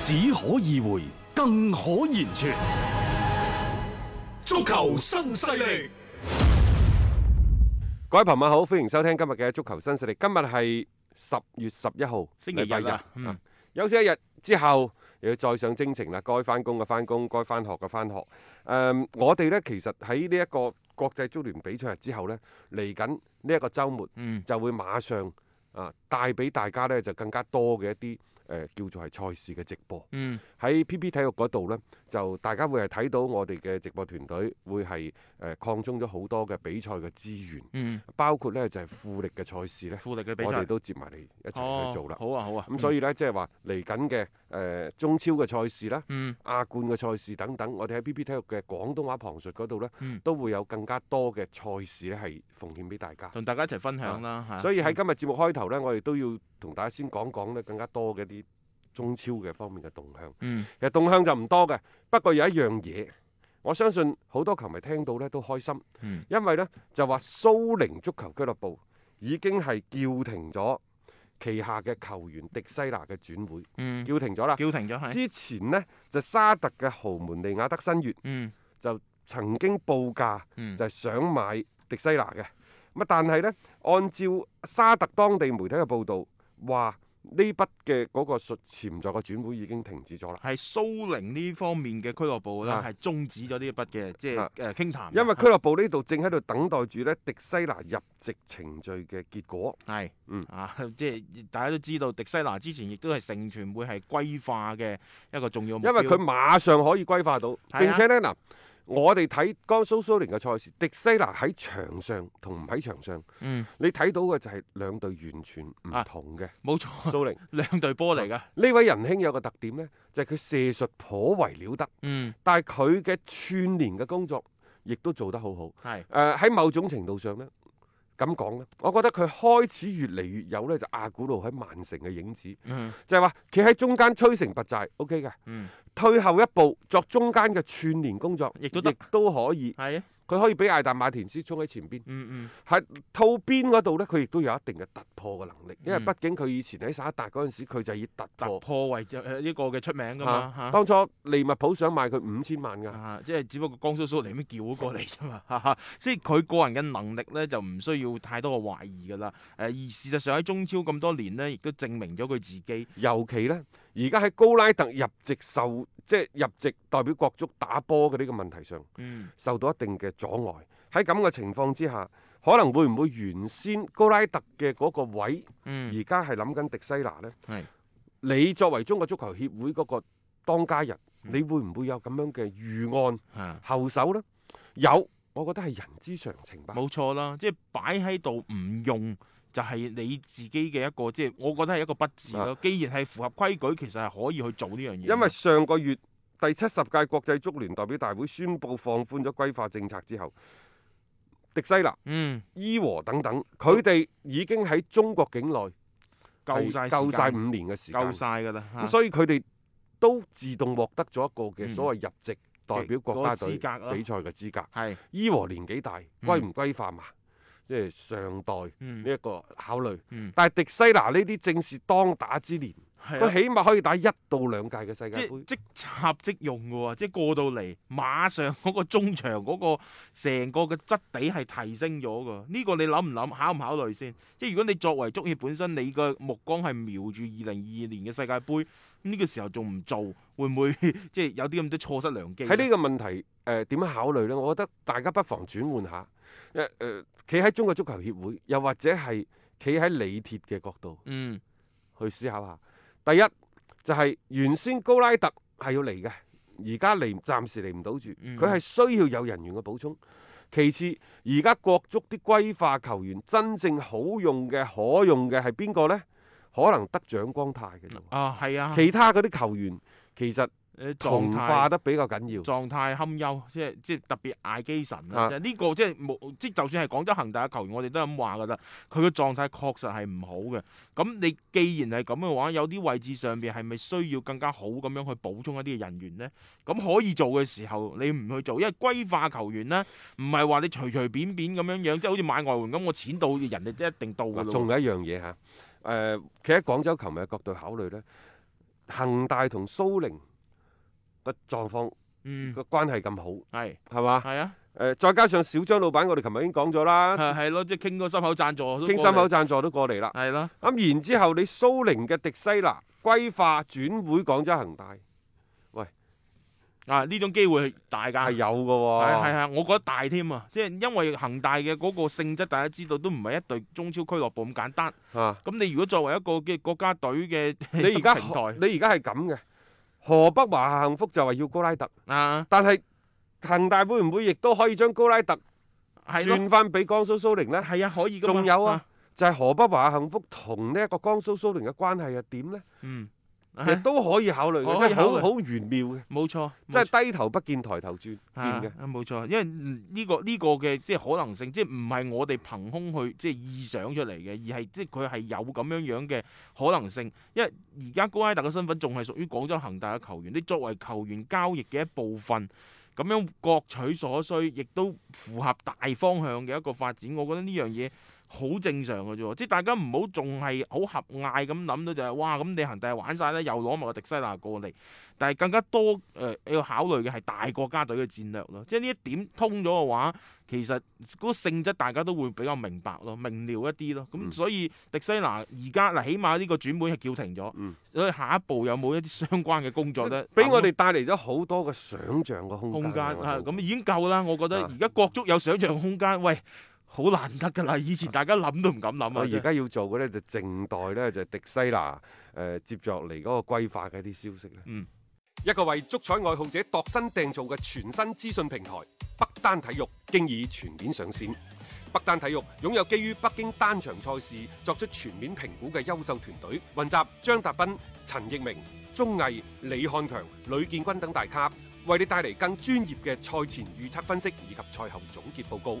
只可意會，更可言傳。足球新勢力，各位朋友好，歡迎收聽今日嘅足球新勢力。今日係十月十一號，星期日啊，休息一日之後又要再上征程啦。該翻工嘅翻工，該翻學嘅翻學。誒，我哋咧其實喺呢一個國際足聯比賽日之後咧，嚟緊呢一個周末，嗯，就會馬上啊帶俾大家咧就更加多嘅一啲。誒叫做係賽事嘅直播，喺 PP 體育嗰度呢，就大家會係睇到我哋嘅直播團隊會係誒擴充咗好多嘅比賽嘅資源，包括呢就係富力嘅賽事呢，我哋都接埋嚟一齊去做啦。好啊好啊！咁所以呢，即係話嚟緊嘅誒中超嘅賽事啦，亞冠嘅賽事等等，我哋喺 PP 體育嘅廣東話旁述嗰度呢，都會有更加多嘅賽事呢係奉獻俾大家，同大家一齊分享啦。所以喺今日節目開頭呢，我哋都要，同大家先講講咧更加多嘅一啲中超嘅方面嘅動向。嗯、其實動向就唔多嘅，不過有一樣嘢，我相信好多球迷聽到咧都開心，嗯、因為呢就話蘇寧足球俱樂部已經係叫停咗旗下嘅球員迪西拿嘅轉會，嗯、叫停咗啦。叫停咗係。之前呢就沙特嘅豪門利雅德新月、嗯、就曾經報價，嗯、就係想買迪西拿嘅。咁但係呢，按照沙特當地媒體嘅報道。話呢筆嘅嗰個蓄潛在嘅轉會已經停止咗啦，係蘇寧呢方面嘅俱樂部啦，係中、啊、止咗呢筆嘅，即係誒傾談。啊啊、因為俱樂部呢度正喺度等待住咧、啊、迪西拿入籍程序嘅結果。係，嗯啊，即係、嗯啊就是、大家都知道迪西拿之前亦都係成全會係歸化嘅一個重要目標。因為佢馬上可以歸化到，啊、並且咧嗱。我哋睇江蘇蘇寧嘅賽事，迪西拿喺場上同唔喺場上，嗯、你睇到嘅就係兩隊完全唔同嘅。冇、啊、錯，蘇寧兩隊波嚟嘅。呢、啊、位仁兄有個特點咧，就係佢射術頗為了得，嗯、但係佢嘅串連嘅工作亦都做得好好。係誒喺某種程度上咧。咁講咧，我覺得佢開始越嚟越有咧，就亞古路喺曼城嘅影子，嗯、就係話企喺中間摧城拔寨，OK 嘅，嗯、退後一步作中間嘅串連工作，亦都亦都可以，係啊。佢可以俾艾達馬田斯衝喺前邊，喺、嗯嗯、套邊嗰度咧，佢亦都有一定嘅突破嘅能力，嗯、因為畢竟佢以前喺薩達嗰陣時，佢就以突破，突破為誒一、呃這個嘅出名噶嘛。啊啊、當初利物浦想買佢五千萬噶、啊，即係只不過江蘇蘇嚟咩叫咗過嚟啫嘛。即係佢個人嘅能力咧，就唔需要太多嘅懷疑噶啦。誒而事實上喺中超咁多年咧，亦都證明咗佢自己，尤其咧。而家喺高拉特入籍受，即係入籍代表國足打波嘅呢個問題上，嗯、受到一定嘅阻礙，喺咁嘅情況之下，可能會唔會原先高拉特嘅嗰個位，而家係諗緊迪西拿咧？係是你作為中國足球協會嗰個當家人，是你會唔會有咁樣嘅預案是後手咧？有，我覺得係人之常情吧。冇錯啦，即係擺喺度唔用。就係你自己嘅一個，即、就、係、是、我覺得係一個不智咯。啊、既然係符合規矩，其實係可以去做呢樣嘢。因為上個月第七十屆國際足聯代表大會宣布放寬咗歸化政策之後，迪西拿、伊、嗯、和等等，佢哋已經喺中國境內夠晒夠曬五年嘅時間，夠晒㗎啦。了了啊、所以佢哋都自動獲得咗一個嘅所謂入籍代表國家隊比賽嘅資格。係是。伊和年紀大，規唔歸化嘛？嗯即係上代呢一個考慮，嗯嗯、但係迪西拿呢啲正是當打之年，佢、啊、起碼可以打一到兩屆嘅世界盃，即，即插即用嘅喎，即係過到嚟馬上嗰個中場嗰個成個嘅質地係提升咗嘅。呢、這個你諗唔諗考唔考慮先？即係如果你作為足協本身，你個目光係瞄住二零二二年嘅世界盃，呢、這個時候仲唔做，會唔會即係有啲咁多錯失良機？喺呢個問題誒點樣考慮呢？我覺得大家不妨轉換下。一誒，企喺、呃、中國足球協會，又或者係企喺李鐵嘅角度，嗯，去思考下。第一就係、是、原先高拉特係要嚟嘅，而家嚟暫時嚟唔到住，佢係、嗯、需要有人員嘅補充。其次，而家國足啲歸化球員真正好用嘅、可用嘅係邊個呢？可能得蔣光太嘅啫。哦、啊，其他嗰啲球員其實。化得比較緊要，狀態堪憂，即係即係特別嗌基神啊！呢個即係冇即就算係廣州恒大嘅球員，我哋都係咁話噶啦。佢嘅狀態確實係唔好嘅。咁你既然係咁嘅話，有啲位置上邊係咪需要更加好咁樣去補充一啲嘅人員呢？咁可以做嘅時候，你唔去做，因為歸化球員呢，唔係話你隨隨便便咁樣樣，即係好似買外援咁，我錢到人哋即一定到嘅。仲有一樣嘢嚇誒，企、呃、喺廣州球迷嘅角度考慮呢，恒大同蘇寧。個狀況，個關係咁好，係係嘛，係啊，誒，再加上小張老闆，我哋琴日已經講咗啦，係係咯，即係傾個心口贊助，傾心口贊助都過嚟啦，係咯，咁然之後你蘇寧嘅特謝拉歸化轉會廣州恒大，喂，啊呢種機會大噶，係有噶喎，係係，我覺得大添啊，即係因為恒大嘅嗰個性質，大家知道都唔係一隊中超俱樂部咁簡單，啊，咁你如果作為一個嘅國家隊嘅，你而家你而家係咁嘅。河北華夏幸福就話要高拉特，啊！但係恒大會唔會亦都可以將高拉特換翻俾江蘇蘇寧呢？係啊，可以噶嘛？仲有啊，就係河北華夏幸福同呢一個江蘇蘇寧嘅關係又點呢？嗯。都可以考慮嘅，我慮即係好好玄妙嘅。冇錯錯，即係低頭不見抬頭見，嘅、嗯。冇錯、啊，因為呢、這個呢、這個嘅即係可能性，即係唔係我哋憑空去即係臆想出嚟嘅，而係即係佢係有咁樣樣嘅可能性。因為而家高拉特嘅身份仲係屬於廣州恒大嘅球員，啲作為球員交易嘅一部分，咁樣各取所需，亦都符合大方向嘅一個發展。我覺得呢樣嘢。好正常嘅啫，即係大家唔好仲係好狹隘咁諗到就係、是、哇咁你恒大玩晒啦，又攞埋個迪西娜過嚟，但係更加多誒、呃、要考慮嘅係大國家隊嘅戰略咯。即係呢一點通咗嘅話，其實嗰個性質大家都會比較明白咯，明瞭一啲咯。咁所以迪西娜而家嗱，起碼呢個轉會係叫停咗，嗯、所以下一步有冇一啲相關嘅工作咧？俾我哋帶嚟咗好多嘅想像嘅空間嚇，咁間已經夠啦。我覺得而家國足有想像空間，喂！好難得噶啦！以前大家諗都唔敢諗啊！我而家要做嘅咧就靜待咧就迪西娜誒、呃、接落嚟嗰個歸化嘅一啲消息咧。嗯，一個為足彩愛好者度身訂造嘅全新資訊平台北單體育，經已全面上線。北單體育擁有基於北京單場賽事作出全面評估嘅優秀團隊，雲集張達斌、陳奕明、鐘毅、李漢強、呂建軍等大咖，為你帶嚟更專業嘅賽前預測分析以及賽後總結報告。